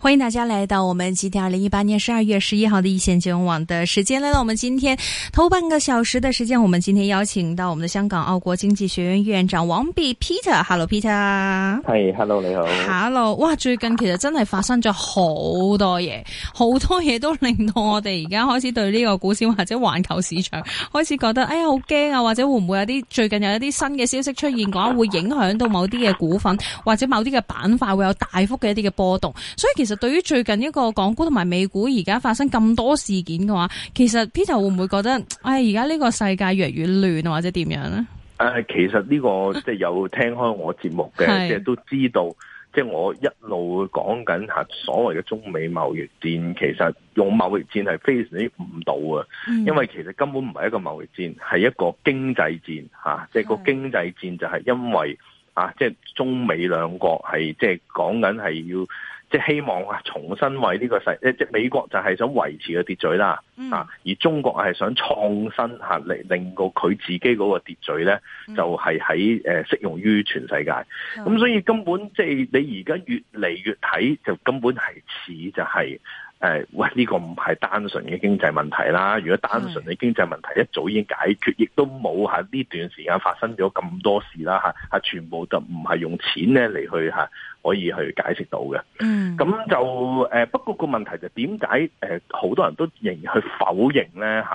歡迎大家來到我們《GT》二零一八年十二月十一號的一線金融網的時間。來到我們今天頭半個小時的時間，我們今天邀請到我們的香港澳國經濟學院院長王弼 Peter。Hello，Peter。Hey，Hello，你好。Hello，哇，最近其實真係發生咗好多嘢，好多嘢都令到我哋而家開始對呢個股市或者環球市場開始覺得，哎呀，好驚啊！或者會唔會有啲最近有一啲新嘅消息出現嘅話，會影響到某啲嘅股份或者某啲嘅板塊會有大幅嘅一啲嘅波動。所以其其實對於最近一個港股同埋美股而家發生咁多事件嘅話，其實 Peter 會唔會覺得，唉，而家呢個世界越嚟越亂，或者點樣咧？誒、呃，其實呢、這個即係、就是、有聽開我節目嘅，即、啊、係都知道，即、就、係、是、我一路講緊吓所謂嘅中美貿易戰，其實用貿易戰係非常之誤導嘅、嗯，因為其實根本唔係一個貿易戰，係一個經濟戰吓，即、啊、係、就是、個經濟戰就係因為是啊，即、就、係、是、中美兩國係即係講緊係要。即係希望啊，重新為呢、這個世，即係美國就係想維持個秩序啦，啊、嗯，而中國係想創新嚇，嚟令到佢自己嗰個秩序咧，就係喺誒適用於全世界。咁、嗯、所以根本即係、就是、你而家越嚟越睇，就根本係似就係、是。誒、呃，喂，呢個唔係單純嘅經濟問題啦。如果單純嘅經濟問題一早已經解決，亦都冇喺呢段時間發生咗咁多事啦，吓，吓，全部就唔係用錢咧嚟去吓可以去解釋到嘅。嗯，咁就誒、呃，不過個問題就點解誒，好、呃、多人都仍然去否認咧吓？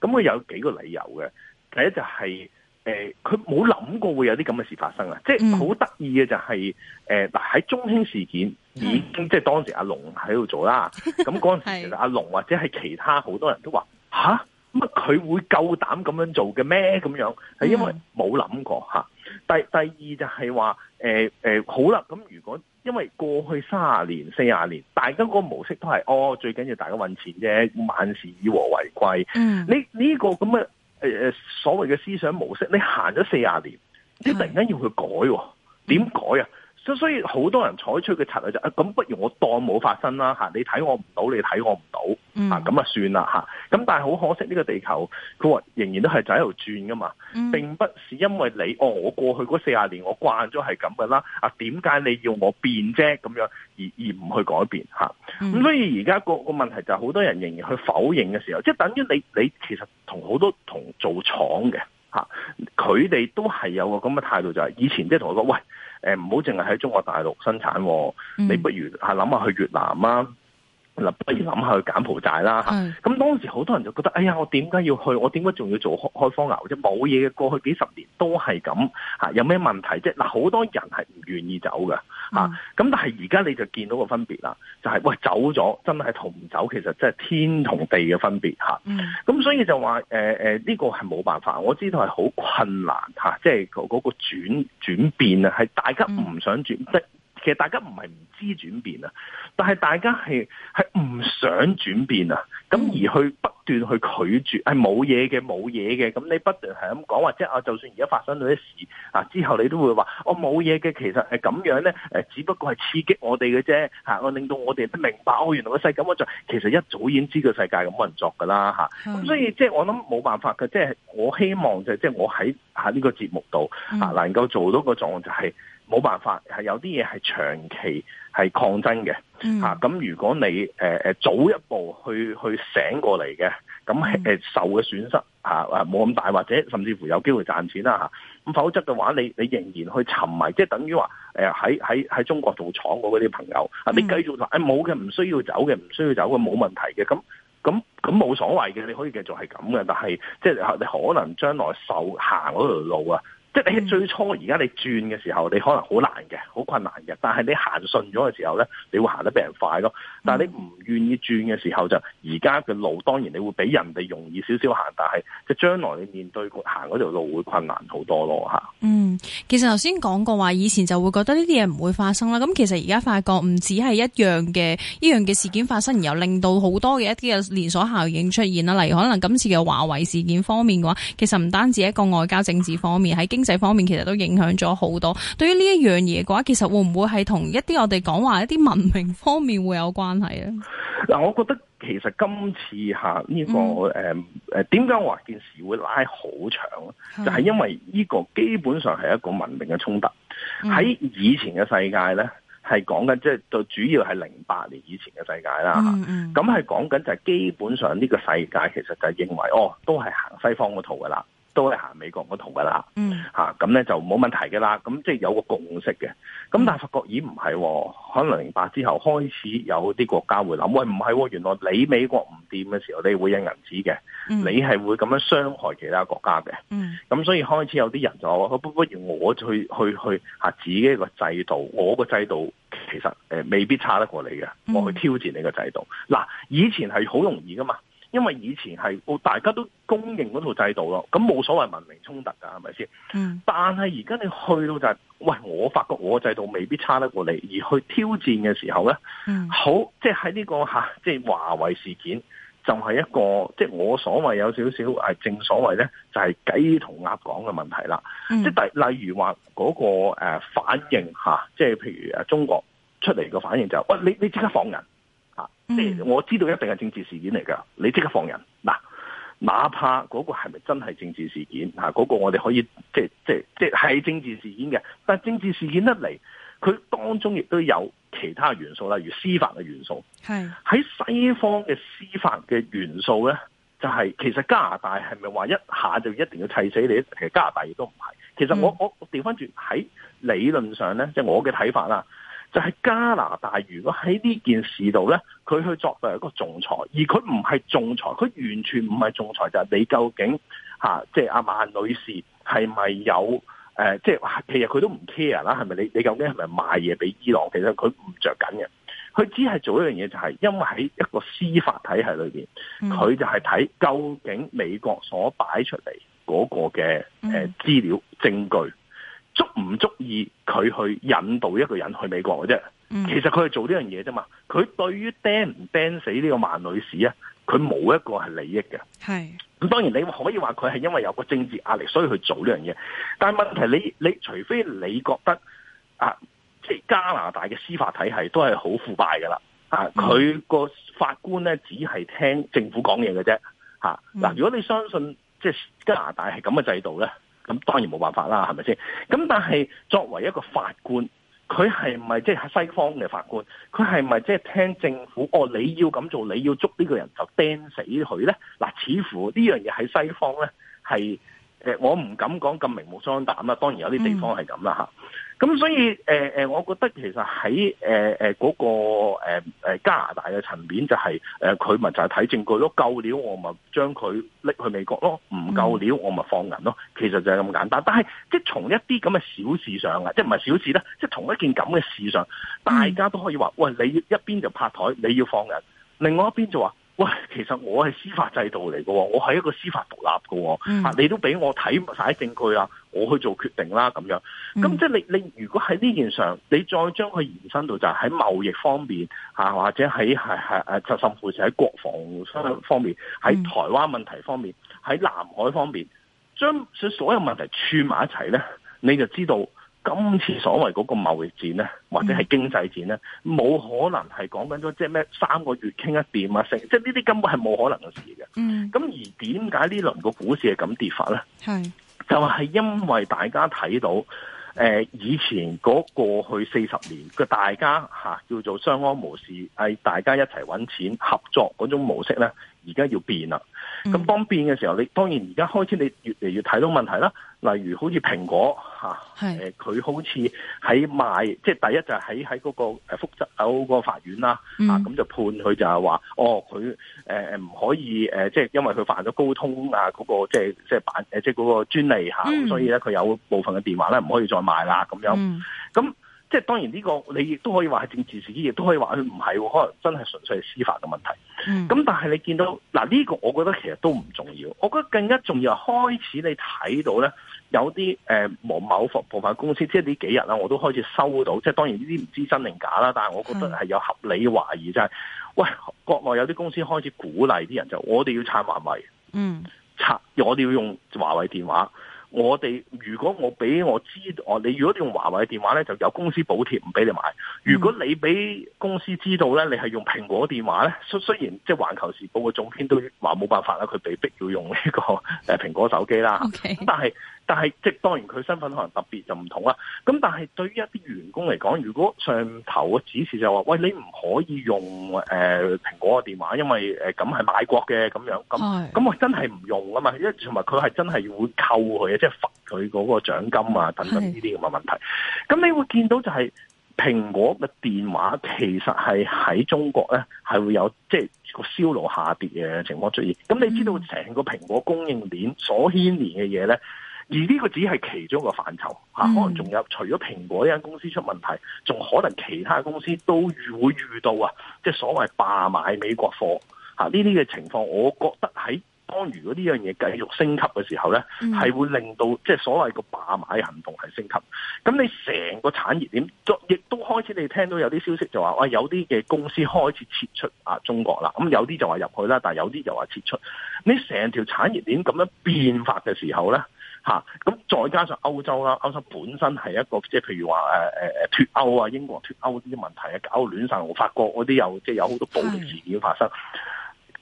咁、啊、佢有幾個理由嘅。第一就係、是、誒，佢冇諗過會有啲咁嘅事發生啊。即係好得意嘅就係、是、誒、就是，嗱、呃、喺中興事件。已經 即係當時阿龍喺度做啦，咁嗰陣時阿龍或者係其他好多人都話：吓，乜佢會夠膽咁樣做嘅咩？咁樣係因為冇諗過吓。第第二就係話誒誒好啦，咁如果因為過去三十年、四十年，大家個模式都係哦，最緊要大家搵錢啫，萬事以和為貴。嗯，呢呢、這個咁嘅誒誒所謂嘅思想模式，你行咗四十年，你突然間要去改、喔，點改啊？所以好多人採取嘅策略就係，咁、啊、不如我當冇發生啦嚇，你睇我唔到，你睇我唔到、嗯，啊咁啊算啦嚇。咁但係好可惜呢個地球，佢話仍然都係就喺度轉噶嘛、嗯。並不是因為你，哦、我過去嗰四十年我慣咗係咁噶啦。啊點解你要我變啫？咁樣而而唔去改變咁、啊嗯、所以而家個個問題就係好多人仍然去否認嘅時候，即、就係、等於你你其實同好多同做廠嘅。佢哋都係有個咁嘅態度，就係以前即係同我講：喂，誒，唔好淨係喺中國大陸生產，你不如係諗下去越南啊。不如諗下去柬埔寨啦。咁當時好多人就覺得，哎呀，我點解要去？我點解仲要做開開荒牛啫？冇嘢嘅，過去幾十年都係咁嚇，有咩問題啫？嗱，好多人係唔願意走嘅嚇，咁、嗯啊、但係而家你就見到個分別啦，就係、是、喂走咗真係同唔走其實即係天同地嘅分別嚇，咁、啊嗯、所以就話誒呢個係冇辦法，我知道係好困難嚇，即係嗰個轉轉變啊，係大家唔想轉、嗯、即。其實大家唔係唔知轉變啊，但係大家係係唔想轉變啊，咁而去不斷去拒絕，係冇嘢嘅，冇嘢嘅。咁你不斷係咁講，或者啊，就算而家發生到啲事啊，之後你都會話我冇嘢嘅。其實係咁樣咧，誒、呃，只不過係刺激我哋嘅啫，吓、啊，我令到我哋明白，我、哦、原來個世界咁運作，其實一早已經知個世界咁冇人作噶啦，吓、啊。咁所以即係我諗冇辦法嘅，即係我希望就即係我喺吓呢個節目度啊，能夠做到個狀況就係、是。冇辦法，係有啲嘢係長期係抗爭嘅。咁、嗯啊、如果你、呃、早一步去去醒過嚟嘅，咁、嗯嗯、受嘅損失冇咁、啊、大，或者甚至乎有機會賺錢啦咁、啊、否則嘅話，你你仍然去沉迷，即係等於話喺喺喺中國做廠嗰啲朋友，嗯、你繼續話冇嘅，唔、哎、需要走嘅，唔需要走嘅，冇問題嘅。咁咁咁冇所謂嘅，你可以繼續係咁嘅。但係即係你可能將來受行嗰條路啊。即係最初，而家你轉嘅時候，你可能好難嘅，好困難嘅。但係你行順咗嘅時候咧，你會行得比人快咯。但係你唔願意轉嘅時候，就而家嘅路當然你會比人哋容易少少行，但係即係將來你面對行嗰條路會困難好多咯嚇。嗯，其實頭先講過話，以前就會覺得呢啲嘢唔會發生啦。咁其實而家發覺唔止係一樣嘅一樣嘅事件發生，然後令到好多嘅一啲嘅連鎖效應出現啦。例如可能今次嘅華為事件方面嘅話，其實唔單止一個外交政治方面喺經。這方面其實都影響咗好多。對於呢一樣嘢嘅話，其實會唔會係同一啲我哋講話一啲文明方面會有關係咧？嗱，我覺得其實今次吓、這、呢個誒誒，點解話件事會拉好長是就係、是、因為呢個基本上係一個文明嘅衝突。喺、嗯、以前嘅世界咧，係講緊即係就主要係零八年以前嘅世界啦。咁係講緊就係基本上呢個世界其實就係認為，哦，都係行西方嗰套噶啦。都係行美國嗰度噶啦，咁、嗯、咧、啊、就冇問題噶啦，咁即係有個共識嘅。咁但係發覺咦唔係，可能零八之後開始有啲國家會諗，喂唔係喎，原來你美國唔掂嘅時候，你會印銀紙嘅、嗯，你係會咁樣傷害其他國家嘅。咁、嗯、所以開始有啲人就話，不不如我去去去，去自己一個制度，我個制度其實、呃、未必差得過你嘅，我去挑戰你個制度。嗱、嗯，以前係好容易噶嘛。因為以前係大家都公認嗰套制度咯，咁冇所謂文明衝突噶，係咪先？嗯。但係而家你去到就係，喂，我發覺我制度未必差得過你，而去挑戰嘅時候呢。嗯，好，即係喺呢個吓，即係華為事件就係一個，即係我所謂有少少，誒，正所謂呢，就係雞同鴨講嘅問題啦。即係例例如話嗰個誒反應吓，即係，啊，譬如誒中國出嚟嘅反應就係，喂，哎，你你即刻放人。啊、嗯！即我知道一定係政治事件嚟噶，你即刻放人嗱，哪怕嗰個係咪真係政治事件吓，嗰、嗰個我哋可以即係即係即係係政治事件嘅。但係政治事件一嚟，佢當中亦都有其他元素，例如司法嘅元素。係喺西方嘅司法嘅元素咧，就係、是、其實加拿大係咪話一下就一定要砌死你？其實加拿大亦都唔係。其實我、嗯、我調翻轉喺理論上咧，即、就、係、是、我嘅睇法啦。就係加拿大，如果喺呢件事度咧，佢去作為一個仲裁，而佢唔係仲裁，佢完全唔係仲裁，就係、是、你究竟嚇，即係阿曼女士係咪有即係、呃就是、其實佢都唔 care 啦，係咪？你你究竟係咪賣嘢俾伊朗？其實佢唔著緊嘅，佢只係做一樣嘢、就是，就係因為喺一個司法體系裏邊，佢就係睇究竟美國所擺出嚟嗰個嘅資料證據。足唔足意佢去引導一個人去美國嘅啫？其實佢係做呢樣嘢啫嘛。佢對於釘唔釘死呢個萬女士啊，佢冇一個係利益嘅。係咁，當然你可以話佢係因為有個政治壓力，所以去做呢樣嘢。但係問題你，你除非你覺得啊，即係加拿大嘅司法體系都係好腐敗㗎啦。啊、佢個法官咧只係聽政府講嘢嘅啫。啊啊、嗱，如果你相信即係加拿大係咁嘅制度咧。咁當然冇辦法啦，係咪先？咁但係作為一個法官，佢係唔係即係西方嘅法官？佢係咪即係聽政府？哦，你要咁做，你要捉呢個人就釘死佢咧？嗱、呃，似乎呢樣嘢喺西方咧係誒，我唔敢講咁明目張膽啦。當然有啲地方係咁啦嚇。咁所以，誒、呃、我覺得其實喺誒嗰個誒、呃、加拿大嘅層面、就係，呃、就係誒佢咪就係睇證據咯，夠料我咪將佢拎去美國咯，唔夠料我咪放人咯。其實就係咁簡單。但係即係從一啲咁嘅小事上啊，即係唔係小事咧，即係同一件咁嘅事上，大家都可以話，喂，你一邊就拍台，你要放人，另外一邊就話。喂，其實我係司法制度嚟嘅，我係一個司法獨立嘅，嚇、嗯啊、你都俾我睇晒啲證據啊，我去做決定啦咁樣。咁即係你你如果喺呢件上，你再將佢延伸到就係喺貿易方面嚇、啊，或者喺係係誒，就甚至係國防方面，喺、嗯、台灣問題方面，喺南海方面，將所所有問題串埋一齊咧，你就知道。今次所謂嗰個貿易戰咧，或者係經濟戰咧，冇、嗯、可能係講緊咗，即係咩三個月傾一掂啊！成即係呢啲根本係冇可能嘅事嘅。嗯。咁而點解呢輪個股市係咁跌法咧？係就係、係、因為大家睇到，誒、呃、以前嗰過去四十年嘅大家嚇、啊、叫做相安無事，係大家一齊揾錢合作嗰種模式咧，而家要變啦。咁當變嘅時候，你當然而家開始你越嚟越睇到問題啦。例如好似蘋果佢、啊、好似喺賣，即係第一就係喺喺嗰個福州嗰個法院啦，啊咁、嗯、就判佢就係話，哦佢誒唔可以即係、呃、因為佢犯咗高通啊嗰、嗰個即係即係即係嗰個專利下。啊嗯，所以咧佢有部分嘅電話咧唔可以再賣啦咁樣，咁、嗯。即係當然呢個你亦都可以話係政治事件，亦都可以話佢唔係，可能真係純粹係司法嘅問題。咁、嗯、但係你見到嗱呢、呢個，我覺得其實都唔重要。我覺得更加重要係開始你睇到咧有啲誒、呃、某某服部分公司，即係呢幾日啦，我都開始收到。即係當然呢啲唔知真定假啦，但係我覺得係有合理懷疑就係、是，喂，國內有啲公司開始鼓勵啲人就我哋要撐華為、嗯，拆我哋要用華為電話。我哋如果我俾我知道，我你如果你用華為嘅電話咧，就有公司補貼唔俾你買；如果你俾公司知道咧，你係用蘋果電話咧，雖雖然即係環球時報嘅總編都話冇辦法啦，佢被逼要用呢、這個誒、啊、蘋果手機啦。咁、okay。但係。但係即係當然佢身份可能特別就唔同啦。咁但係對於一啲員工嚟講，如果上頭嘅指示就係話：喂，你唔可以用誒、呃、蘋果嘅電話，因為誒咁係買國嘅咁樣。咁咁我真係唔用啊嘛！因為同埋佢係真係會扣佢，即係罰佢嗰個獎金啊等等呢啲咁嘅問題。咁你會見到就係蘋果嘅電話其實係喺中國咧係會有即係個銷路下跌嘅情況出現。咁你知道成個蘋果供應鏈所牽連嘅嘢咧？而呢個只係其中一個範疇，吓、啊、可能仲有除咗蘋果呢間公司出問題，仲可能其他公司都會遇到啊！即係所謂罷買美國貨，吓呢啲嘅情況，我覺得喺當如果呢樣嘢繼續升級嘅時候咧，係、嗯、會令到即係所謂個罷買行動係升級。咁你成個產業鏈亦都開始你聽到有啲消息就話，哇！有啲嘅公司開始撤出啊中國啦。咁有啲就話入去啦，但係有啲就話撤出。你成條產業鏈咁樣變化嘅時候咧？咁再加上歐洲啦，歐洲本身係一個即係譬如話誒誒脱歐啊、英國脱歐啲問題啊，搞亂晒。我法國嗰啲有即係有好多暴力事件發生。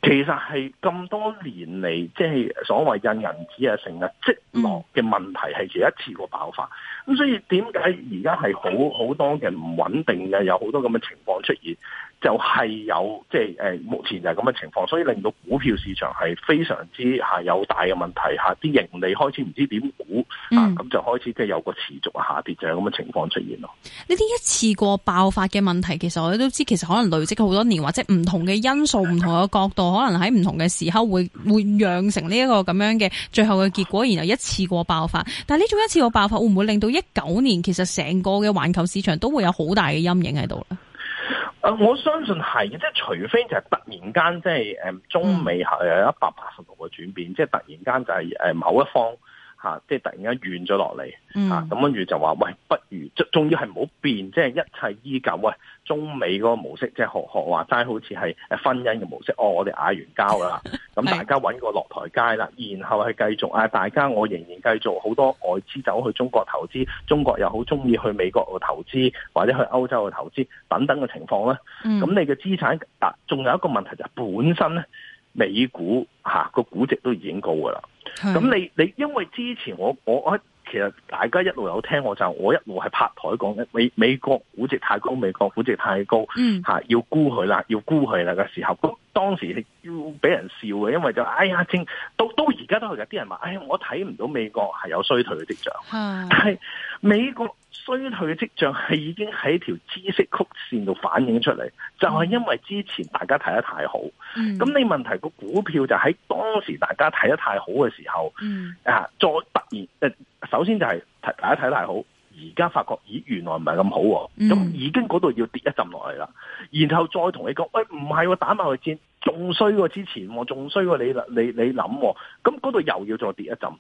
其實係咁多年嚟，即係所謂印銀紙啊、成日積落嘅問題係一次過爆發。咁、嗯、所以點解而家係好好多嘅唔穩定嘅，有好多咁嘅情況出現。就係、是、有即係誒，目前就係咁嘅情況，所以令到股票市場係非常之吓有大嘅問題吓，啲盈利開始唔知點估啊，咁、嗯、就開始即係有個持續嘅下跌，就係咁嘅情況出現咯。呢啲一次過爆發嘅問題，其實我都知，其實可能累積好多年，或者唔同嘅因素、唔同嘅角度，可能喺唔同嘅時候會會釀成呢一個咁樣嘅最後嘅結果，然後一次過爆發。但係呢種一次過爆發，會唔會令到一九年其實成個嘅環球市場都會有好大嘅陰影喺度咧？誒，我相信係嘅，即係除非就係突然間，即係誒中美係有一百八十度嘅轉變，即係突然間就係誒某一方。嚇、啊！即係突然間軟咗落嚟嚇，咁跟住就話喂，不如終於係唔好變，即、就、係、是、一切依舊。啊。中美嗰個模式即係、就是、學學話齋，好似係婚姻嘅模式。哦，我哋嗌完交啦，咁大家揾個落台階啦， 然後係繼續、啊、大家我仍然繼續好多外資走去中國投資，中國又好中意去美國度投資或者去歐洲度投資等等嘅情況啦。咁 你嘅資產，仲、啊、有一個問題就係、本身咧。美股吓、啊、個估值都已經高㗎啦，咁你你因為之前我我。其實大家一路有聽我就是，我一路係拍台講嘅美美國估值，太高，美國估值太高，吓，要沽佢啦，要沽佢啦，嘅時候，當時係要俾人笑嘅，因為就哎呀，正到到而家都係有啲人話，哎呀，我睇唔到美國係有衰退嘅迹象，啊、但係美國衰退嘅迹象係已經喺條孳息曲線度反映出嚟，就係、是、因為之前大家睇得太好，咁、嗯、你問題個股票就喺當時大家睇得太好嘅時候，啊、嗯，再突然誒。呃首先就係、是，大家睇得好，而家發覺，咦，原來唔係咁好，咁已經嗰度要跌一陣落嚟啦。Mm. 然後再同你講，喂，唔係喎，打貿易戰仲衰過之前，仲衰過你你你諗、啊，咁嗰度又要再跌一陣。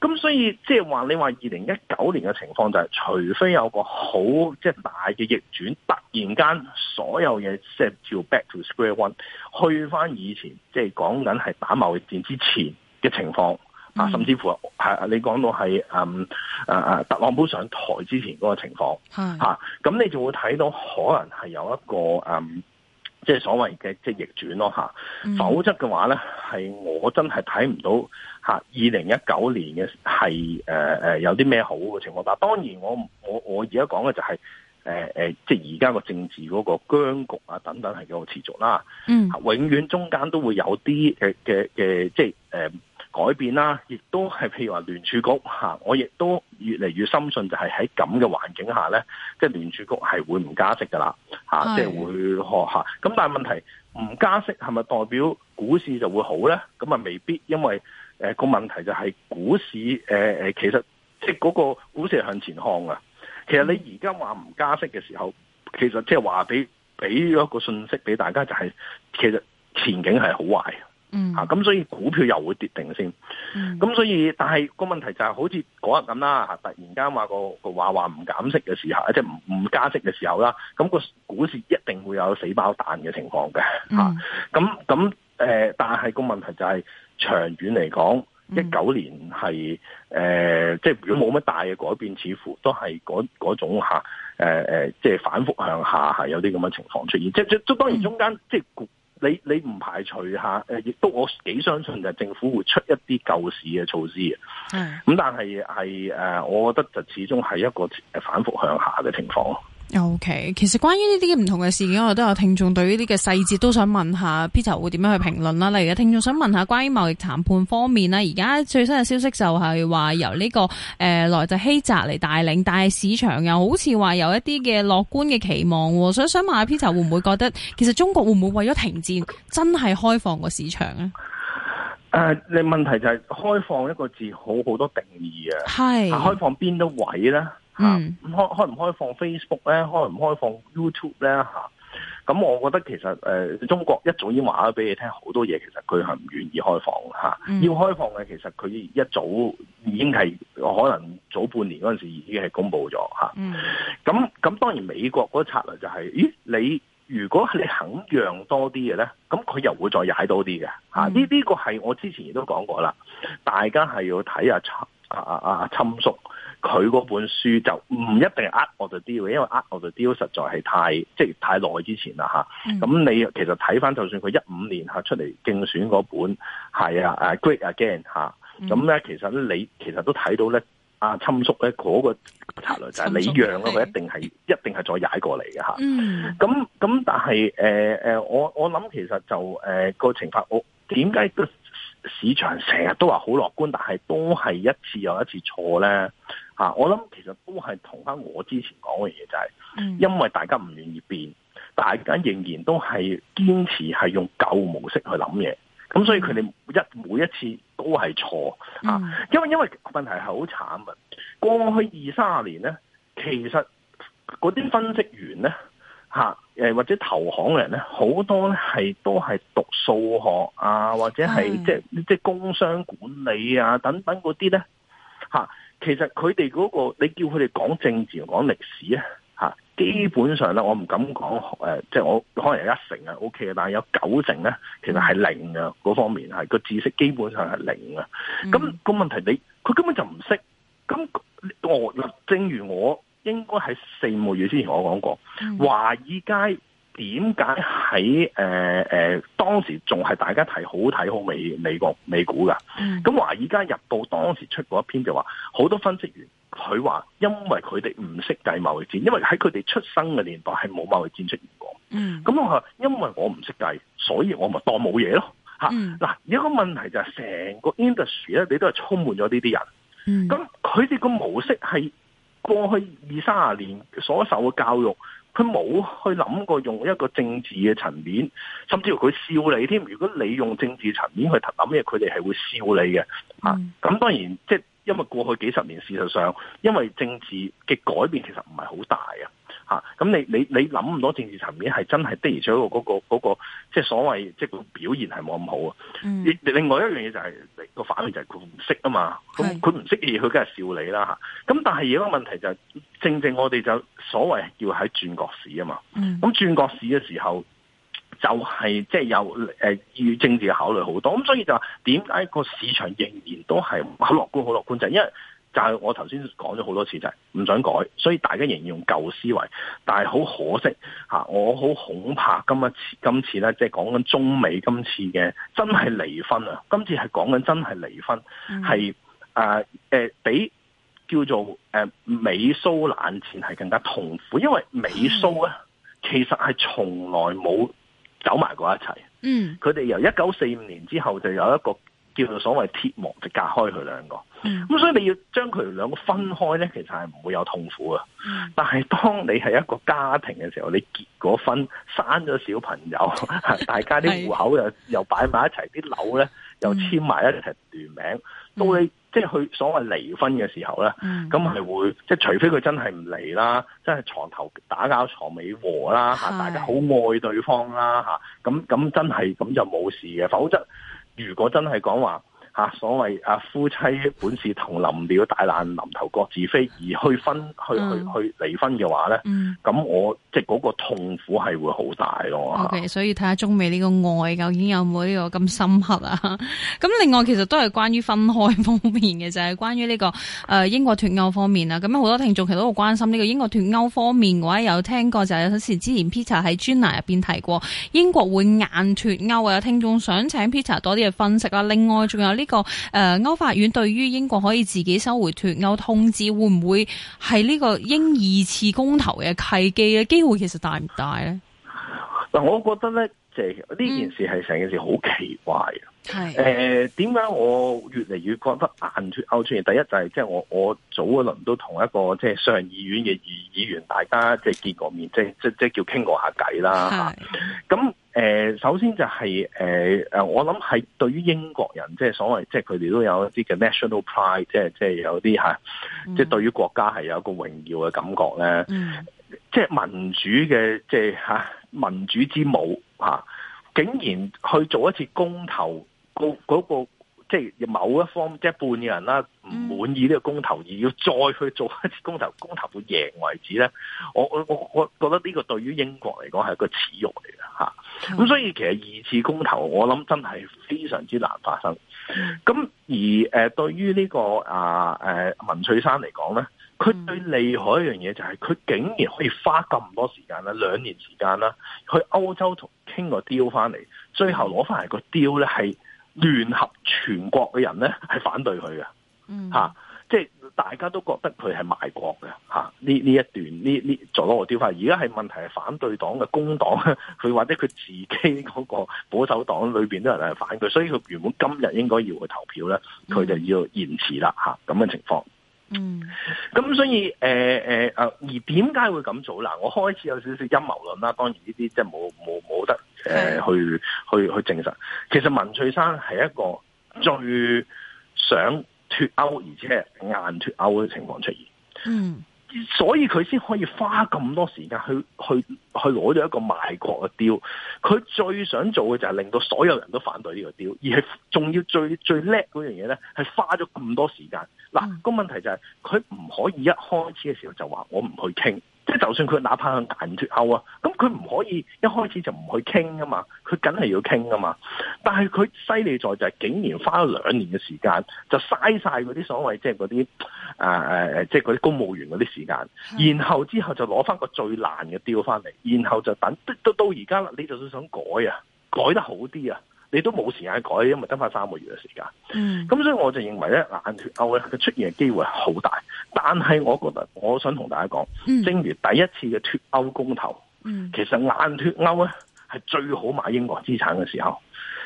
咁、mm. 所以即係話，你話二零一九年嘅情況就係、是，除非有個好即係大嘅逆轉，突然間所有嘢 set to back to square one，去翻以前，即係講緊係打貿易戰之前嘅情況。啊、嗯，甚至乎係你講到係嗯誒誒、啊，特朗普上台之前嗰個情況吓，咁、啊、你就會睇到可能係有一個嗯，即係所謂嘅即係逆轉咯吓。否則嘅話咧，係我真係睇唔到吓。二零一九年嘅係誒誒，有啲咩好嘅情況。但當然我，我我我而家講嘅就係誒誒，即係而家個政治嗰個僵局啊等等係幾個持續啦。嗯、啊啊，永遠中間都會有啲嘅嘅嘅，即係誒。啊改變啦，亦都係譬如話聯儲局，我亦都越嚟越深信就係喺咁嘅環境下咧，即係聯儲局係會唔加息噶啦，即係會嚇下，咁但係問題唔加息係咪代表股市就會好咧？咁啊未必，因為、呃嗰個問題就係股市、呃、其實即係嗰個股市係向前看噶。其實你而家話唔加息嘅時候，其實即係話俾俾一個信息俾大家，就係、是、其實前景係好壞。吓、嗯、咁、啊、所以股票又會跌定先，咁、嗯、所以但係個問題就係、是、好似嗰日咁啦，吓突然間話個個話話唔減息嘅時候，即係唔唔加息嘅時候啦，咁、那個股市一定會有死包彈嘅情況嘅，吓咁咁誒，但係個問題就係、是、長遠嚟講，一、嗯、九年係誒，即係如果冇乜大嘅改變、嗯，似乎都係嗰種，種吓誒誒，即、啊、係、啊就是、反覆向下係有啲咁嘅情況出現，即即當當然中間、嗯、即係。你你唔排除下，誒亦都我幾相信就政府會出一啲救市嘅措施嘅，咁但係係誒，我覺得就始終係一個反覆向下嘅情況咯。O、okay, K，其實關於呢啲唔同嘅事件，我都有聽眾對呢啲嘅細節都想問下 Peter 會點樣去評論啦。例如，有聽眾想問下關於貿易談判方面啦，而家最新嘅消息就係話由呢、這個誒，萊、呃、特希澤嚟帶領，但係市場又好似話有一啲嘅樂觀嘅期望，所以想問下 Peter 會唔會覺得，其實中國會唔會為咗停戰真係開放個市場咧？誒、呃，你問題就係、是、開放一個字好，好好多定義啊。係開放邊度位咧？嗯，開開唔開放 Facebook 咧？開唔開放 YouTube 咧？吓、啊、咁，我覺得其實誒、呃，中國一早已經話咗俾你聽，好多嘢其實佢係唔願意開放吓、啊嗯。要開放嘅，其實佢一早已經係可能早半年嗰陣時已經係公布咗吓。咁、啊、咁，嗯、當然美國嗰一策略就係、是，咦？你如果你肯讓多啲嘅咧，咁佢又會再踩多啲嘅吓。呢呢個係我之前亦都講過啦，大家係要睇下阿阿阿侵叔。啊啊佢嗰本書就唔一定呃 Art of the Deal 嘅，因為呃 Art of the Deal 實在係太即係太耐之前啦，吓，咁、嗯、你其實睇翻，就算佢一五年吓出嚟競選嗰本，係啊 Great Again 吓、嗯，咁咧其實你其實都睇到咧，阿、啊、侵叔咧嗰、那個策略就係你讓咯，佢一定係一定係再踩過嚟嘅吓，咁、嗯、咁但係誒、呃、我我諗其實就誒、呃那個情況，我點解都、嗯市場成日都話好樂觀，但係都係一次又一次錯咧。吓、啊，我諗其實都係同翻我之前講嘅嘢，就係因為大家唔願意變，大家仍然都係堅持係用舊模式去諗嘢，咁所以佢哋一每一次都係錯啊。因為因為問題係好慘啊，過去二三十年咧，其實嗰啲分析員咧。吓，誒或者投行嘅人咧，好多咧係都係讀數學啊，或者係即即工商管理啊等等嗰啲咧，吓，其實佢哋嗰個你叫佢哋講政治講歷史咧，吓，基本上咧我唔敢講誒，即係我可能有一成啊 OK 嘅，但係有九成咧，其實係零嘅嗰方面係個知識基本上係零啊。咁個問題你佢根本就唔識，咁我正如我。應該係四五個月之前我講過華爾為什麼在，華爾街點解喺誒誒當時仲係大家睇好睇好美美國美股噶？咁華爾街日報當時出過一篇就話，好多分析員佢話因為佢哋唔識計貿易戰，因為喺佢哋出生嘅年代係冇貿易戰出現過。咁、嗯、我話因為我唔識計，所以我咪當冇嘢咯。吓、啊、嗱，有、嗯、個問題就係成個 industry 咧，你都係充滿咗呢啲人。咁佢哋個模式係。過去二三十年所受嘅教育，佢冇去諗過用一個政治嘅層面，甚至乎佢笑你添。如果你用政治層面去諗嘢，佢哋係會笑你嘅、嗯。啊，咁當然即係。因為過去幾十年，事實上因為政治嘅改變其實唔係好大啊，吓，咁你你你諗唔到政治層面係真係的而且確，嗰個嗰個嗰個即係所謂即係個表現係冇咁好啊、嗯。另外一樣嘢就係個反面就係佢唔識啊嘛，咁佢唔識嘢佢梗係笑你啦吓。咁、啊、但係而家個問題就係、正正我哋就所謂要喺轉角市啊嘛，咁轉角市嘅時候。就係即係有誒與政治嘅考慮好多，咁所以就點解個市場仍然都係好樂觀，好樂觀就係因為就係我頭先講咗好多次就係、是、唔想改，所以大家仍然用舊思維，但係好可惜我好恐怕今次，今次咧，即係講緊中美今次嘅真係離婚啊！今次係講緊真係離婚，係啊誒比叫做誒美蘇冷戰係更加痛苦，因為美蘇咧、嗯、其實係從來冇。走埋嗰一齊，嗯，佢哋由一九四五年之後就有一個叫做所謂鐵幕，就隔開佢兩個，咁、嗯、所以你要將佢哋兩個分開咧、嗯，其實係唔會有痛苦啊、嗯。但係當你係一個家庭嘅時候，你結咗婚，生咗小朋友，大家啲戶口又又擺埋一齊，啲樓咧又簽埋一齊聯、嗯、名，到你。嗯即係佢所謂離婚嘅時候咧，咁、嗯、係會即係除非佢真係唔離啦，真係床頭打交床尾和啦，大家好愛對方啦，嚇咁咁真係咁就冇事嘅。否則如果真係講話。吓、啊，所謂啊夫妻本是同林鳥，大難臨頭各自飛，而去分去、嗯、去去，去離婚嘅話咧，咁、嗯、我即係嗰個痛苦係會好大咯。Okay, 所以睇下中美呢個愛究竟有冇呢個咁深刻啊？咁 另外其實都係關於分開方面嘅，就係、是、關於呢、這個、呃、英國脱歐方面啊。咁好多聽眾其實都好關心呢個英國脱歐方面嘅話，我有聽過就係有陣時之前 Peter 喺專欄入面提過英國會硬脱歐啊。有聽眾想請 Peter 多啲嘅分析啊。另外仲有呢？呢、這個誒，歐、呃、法院對於英國可以自己收回脫歐通知，會唔會係呢個英二次公投嘅契機嘅機會其實大唔大咧？嗱，我覺得咧，即係呢件事係成件事好奇怪啊！係、嗯、誒，點、呃、解我越嚟越覺得硬脫歐出嚟？第一就係即係我我早嗰輪都同一個即係、就是、上議院嘅議議，議員，大家即係見過面，即係即即叫傾過下偈啦吓，咁。誒、呃，首先就係誒誒，我諗係對於英國人，即係所謂即係佢哋都有一啲嘅 national pride，即係即係有啲嚇，即係對於國家係有一個榮耀嘅感覺咧。即係民主嘅，即係嚇民主之母嚇、啊，竟然去做一次公投，公、嗯嗰個即係某一方，即係半嘅人啦，唔滿意呢個公投而要再去做一次公投，公投會贏為止咧。我我我我覺得呢個對於英國嚟講係一個恥辱嚟嘅嚇。咁、嗯、所以其實二次公投我諗真係非常之難發生。咁、嗯、而誒對於呢、這個啊誒、啊、文翠山嚟講咧，佢最厲害一樣嘢就係佢竟然可以花咁多時間啦，兩年時間啦，去歐洲同傾個 deal 翻嚟，最後攞翻嚟個 deal 咧係。聯合全國嘅人咧，係反對佢嘅，吓、嗯啊，即係大家都覺得佢係賣國嘅，吓、啊，呢呢一段呢呢做咗個雕法，而家係問題係反對黨嘅工黨，佢或者佢自己嗰個保守黨裏邊都有人係反佢，所以佢原本今日應該要去投票咧，佢、嗯、就要延遲啦，吓咁嘅情況。嗯，咁所以誒誒誒，而點解會咁做啦？我開始有少少陰謀論啦，當然呢啲即係冇冇冇得。誒、呃，去去去證實，其實文翠珊係一個最想脱歐，而且係硬脱歐嘅情況出現。嗯，所以佢先可以花咁多時間去去去攞咗一個賣國嘅 deal，佢最想做嘅就係令到所有人都反對呢個 deal，而係仲要最最叻嗰樣嘢咧，係花咗咁多時間。嗱，嗯個問題就係，佢唔可以一開始嘅時候就話我唔去傾。即係就算佢哪怕係彈脱口啊，咁佢唔可以一開始就唔去傾㗎嘛，佢梗係要傾㗎嘛。但係佢犀利在就係，竟然花咗兩年嘅時間，就嘥晒嗰啲所謂即係嗰啲誒，即係嗰啲公務員嗰啲時間，然後之後就攞翻個最難嘅調翻嚟，然後就等到到而家啦。你就算想改啊，改得好啲啊！你都冇時間改，因為得返三個月嘅時間。嗯，咁所以我就認為咧，硬脱歐咧，佢出現嘅機會係好大。但係我覺得，我想同大家講，嗯，正如第一次嘅脱歐公投，嗯，其實硬脱歐咧係最好買英國資產嘅時候，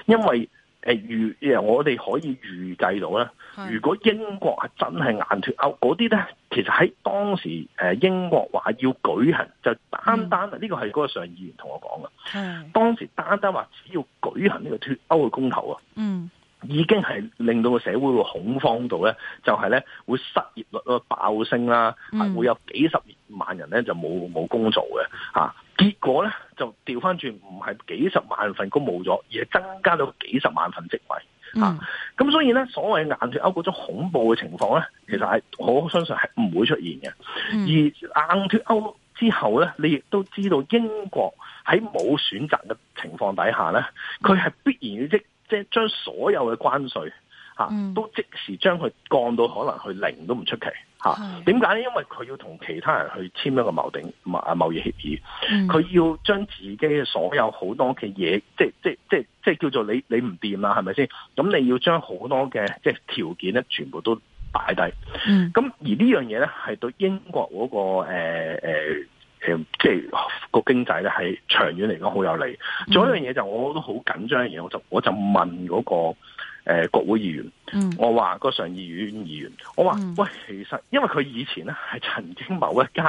因為。誒預，我哋可以預計到咧。如果英國係真係硬脱歐，嗰啲咧，其實喺當時誒英國話要舉行，就單單呢、嗯、個係嗰個上議員同我講嘅。嗯、當時單單話只要舉行呢個脱歐嘅公投啊，嗯，已經係令到個社會會恐慌到咧，就係、是、咧會失業率爆升啦，嗯、會有幾十萬人咧就冇冇工作嘅結果咧就調翻轉，唔係幾十萬份工冇咗，而係增加咗幾十萬份職位。咁、嗯啊、所以咧，所謂硬脱歐嗰種恐怖嘅情況咧，其實係我相信係唔會出現嘅、嗯。而硬脱歐之後咧，你亦都知道英國喺冇選擇嘅情況底下咧，佢係必然要即即將所有嘅關稅吓、啊、都即時將佢降到可能去零都唔出奇。吓，點解咧？因為佢要同其他人去簽一個錨定貿啊貿易協議，佢、嗯、要將自己嘅所有好多嘅嘢，即係即係即係即係叫做你你唔掂啦，係咪先？咁你要將好多嘅即係條件咧，全部都擺低。咁、嗯、而呢樣嘢咧，係對英國嗰、那個誒誒誒，即係個經濟咧，係長遠嚟講好有利。仲有一樣嘢就我都好緊張嘅嘢，我就我就問嗰、那個。誒，國會議員，嗯、我話、那個上議院議員，我話、嗯、喂，其實因為佢以前咧係曾經某一間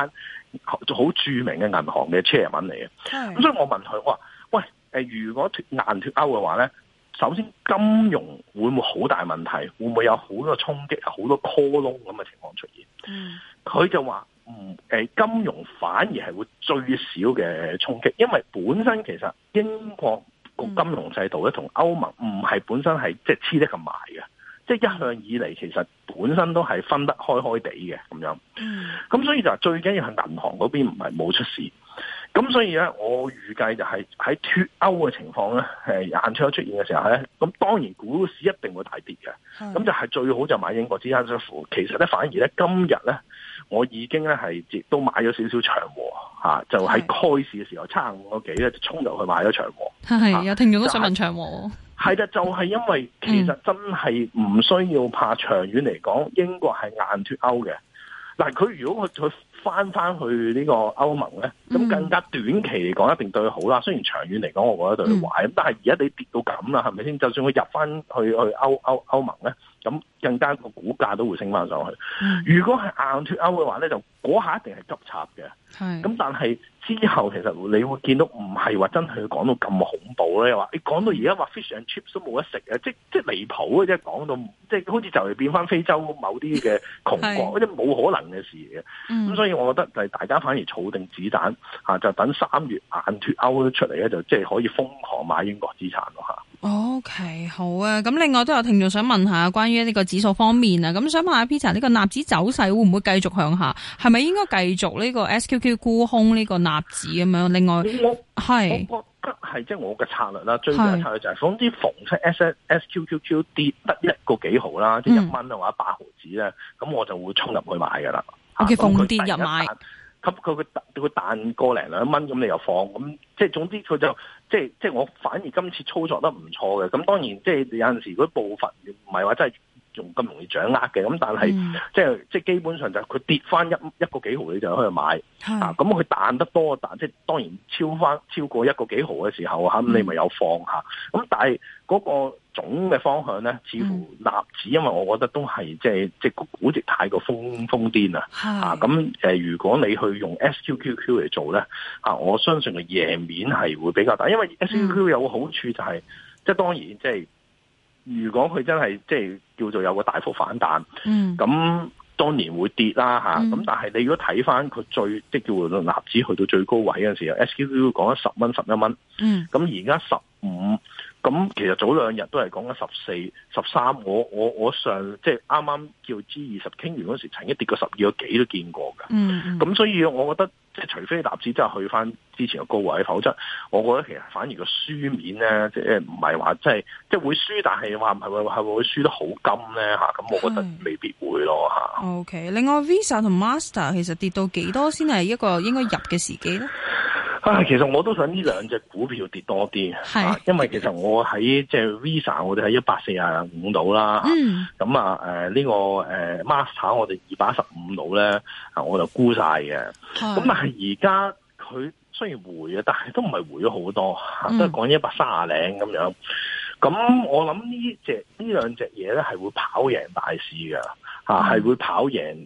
好著名嘅銀行嘅 chairman 嚟嘅，咁所以我問佢，我話喂，誒、呃，如果脱硬脱歐嘅話咧，首先金融會唔會好大問題，會唔會有好多衝擊，好多 call loan 咁嘅情況出現？嗯，佢就話唔誒，金融反而係會最少嘅衝擊，因為本身其實英國。個金融制度咧，同歐盟唔係本身係即係黐得咁埋嘅，即係一向以嚟，其實本身都係分得開開地嘅咁樣。咁所以就最緊要係銀行嗰邊唔係冇出事。咁所以咧，我預計就係喺脫歐嘅情況咧，係硬脫歐出現嘅時候咧，咁當然股市一定會大跌嘅。咁就係最好就買英國資產收付。其實咧，反而咧，今日咧，我已經咧係都買咗少少長和，就喺開市嘅時候七十五個幾咧，就衝入去買咗長和。係啊，啊有聽眾都想問長和。係啦，就係、是、因為其實真係唔需要怕長遠嚟講、嗯，英國係硬脫歐嘅。嗱、啊，佢如果佢佢。翻翻去呢個歐盟咧，咁更加短期嚟講一定對佢好啦。雖然長遠嚟講，我覺得對佢壞。咁但係而家你跌到咁啦，係咪先？就算佢入翻去去歐歐歐盟咧。咁更加個股價都會升翻上去。嗯、如果係硬脫歐嘅話咧，就嗰下一,一定係急插嘅。咁但係之後其實你會見到唔係話真係佢講到咁恐怖咧，又話講到而家話 fish and chips 都冇得食啊！即即離譜啊！即係講到即係好似就嚟變翻非洲某啲嘅窮國，即冇可能嘅事嘅。咁、嗯、所以我覺得係大家反而儲定子彈就等三月硬脫歐都出嚟咧，就即係可以瘋狂買英國資產咯。O、okay, K，好啊，咁另外都有聽眾想問下關於呢個指數方面啊，咁想問一下 Peter 呢個納指走勢會唔會繼續向下？係咪應該繼續呢個 S Q Q 沽空呢個納指咁樣？另外，我係我覺得係即係我嘅策略啦，最緊要嘅策略就係、是，總啲逢出 S S Q Q Q 跌得一個幾毫啦，即、嗯、係一蚊或者八毫子咧，咁我就會衝入去買噶啦。O K，逢跌入買。吸佢佢彈個零兩蚊，咁你又放，咁、嗯、即係總之佢就、嗯、即係即係我反而今次操作得唔錯嘅，咁當然即係有陣時，如果步伐唔係話真係。仲咁容易掌握嘅，咁但係、嗯、即係即係基本上就係佢跌翻一一個幾毫你就去買，啊咁佢彈得多彈，即係當然超翻超過一個幾毫嘅時候咁、嗯、你咪有放下咁、啊、但係嗰個總嘅方向咧，似乎立止、嗯，因為我覺得都係即係即個估值太過瘋瘋癲啦。啊咁、嗯、如果你去用 SQQQ 嚟做咧、啊，我相信個贏面係會比較大，因為 SQQQ 有個好處就係即係當然即係。如果佢真係即係叫做有個大幅反彈，咁、嗯、當然會跌啦嚇。咁、嗯、但係你如果睇翻佢最即係叫做納指去到最高位嗰陣時，S Q Q 講緊十蚊十一蚊，咁而家十五，咁、嗯、其實早兩日都係講緊十四、十三。我我我上即係啱啱叫 G20，傾完嗰時曾經跌過十二個幾都見過㗎。咁、嗯、所以我覺得。即係除非啲納指真係去返之前嘅高位，否則我覺得其實反而個輸面咧，即係唔係話即係即係會輸，但係話唔係話係會輸得好金咧嚇。咁、啊、我覺得未必會咯嚇。OK，另外 Visa 同 Master 其實跌到幾多先係一個應該入嘅時機咧？啊，其實我都想呢兩隻股票跌多啲，係、啊、因為其實我喺即係 Visa，我哋喺一百四十五度啦。咁、嗯、啊，誒、呃、呢、這個誒、呃、Master，我哋二百十五度咧，啊，我就沽晒嘅。咁啊。而家佢雖然回啊，但係都唔係回咗好多，都係講一百三十零咁樣。咁我諗呢隻呢兩隻嘢咧，係會跑贏大市嘅嚇，係會跑贏誒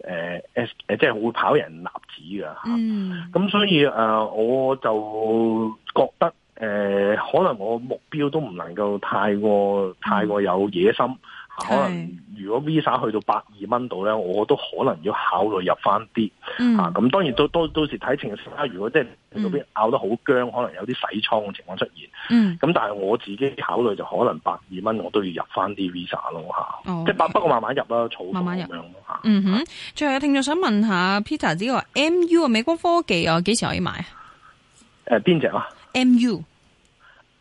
S 誒，即係會跑贏納指嘅嚇。咁所以誒，我就覺得誒、呃，可能我目標都唔能夠太過太過有野心。可能如果 Visa 去到百二蚊度咧，我都可能要考慮入翻啲。咁、嗯啊、當然都都到時睇情勢啦。如果即係到邊拗得好僵，可能有啲洗倉嘅情況出現。咁、嗯、但係我自己考慮就可能百二蚊，我都要入翻啲 Visa 咯、okay, 吓。即係不不過慢慢入啦，儲慢慢入咁樣咯吓。嗯哼，最後有聽眾想問下 Peter 呢個 MU 啊，美光科技啊，幾時可以買邊誒，邊、呃、隻啊？MU。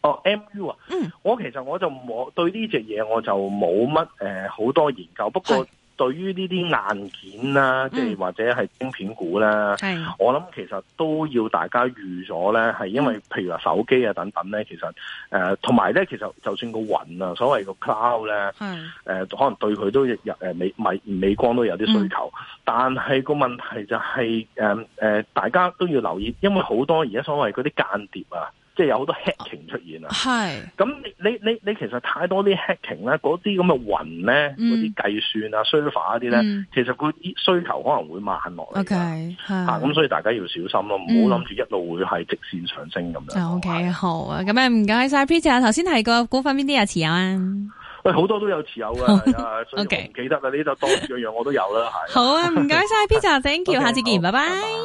哦、oh,，M U 啊，嗯，我其實我就冇對呢隻嘢，我就冇乜誒好多研究。不過對於呢啲硬件啦、啊，mm. 即係或者係晶片股咧，係、mm. 我諗其實都要大家預咗咧，係因為、mm. 譬如話手機啊等等咧，其實誒同埋咧，其實就算個雲啊，所謂個 cloud 咧，誒、mm. 呃、可能對佢都亦有誒美美光都有啲需求。Mm. 但係個問題就係誒誒，大家都要留意，因為好多而家所謂嗰啲間諜啊。即係有好多 hacking 出現啊！係、哦、咁你你你你其實太多啲 hacking 咧，嗰啲咁嘅雲咧，嗰啲計算啊、server 嗰啲咧，其實佢需求可能會慢落嚟。O K 咁所以大家要小心咯、啊，唔好諗住一路會係直線上升咁樣。O、OK, K 好啊，咁啊唔該晒 Peter，頭先提過股份邊啲有持有啊？喂，好多都有持有啊，雖然唔記得啦，呢度多樣樣我都有啦，係。好啊，唔該晒 Peter，Thank you，okay, 下次見，拜拜。Bye bye bye bye